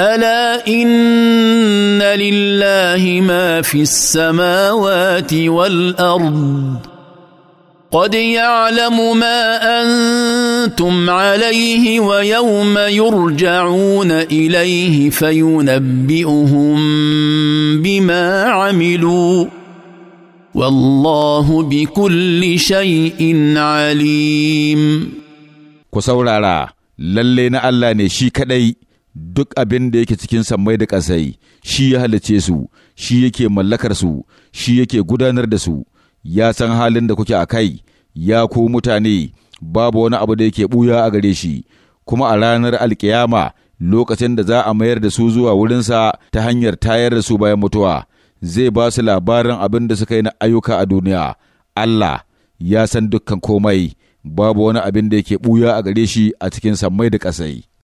الا ان لله ما في السماوات والارض قد يعلم ما انتم عليه ويوم يرجعون اليه فينبئهم بما عملوا والله بكل شيء عليم كسولا لا للي نألا نشي كدي duk abin da yake cikin sammai da ƙasai shi ya halice su shi yake mallakar su shi yake gudanar da su ya san halin da kuke a kai ya ku mutane babu wani abu da yake buya a gare shi kuma a ranar alkiyama lokacin da za a mayar da su zuwa wurinsa ta hanyar tayar da su bayan mutuwa zai ba su labarin abin da suka yi na ayyuka a duniya Allah ya san dukkan komai babu wani abin da yake buya a gare shi a cikin sammai da ƙasai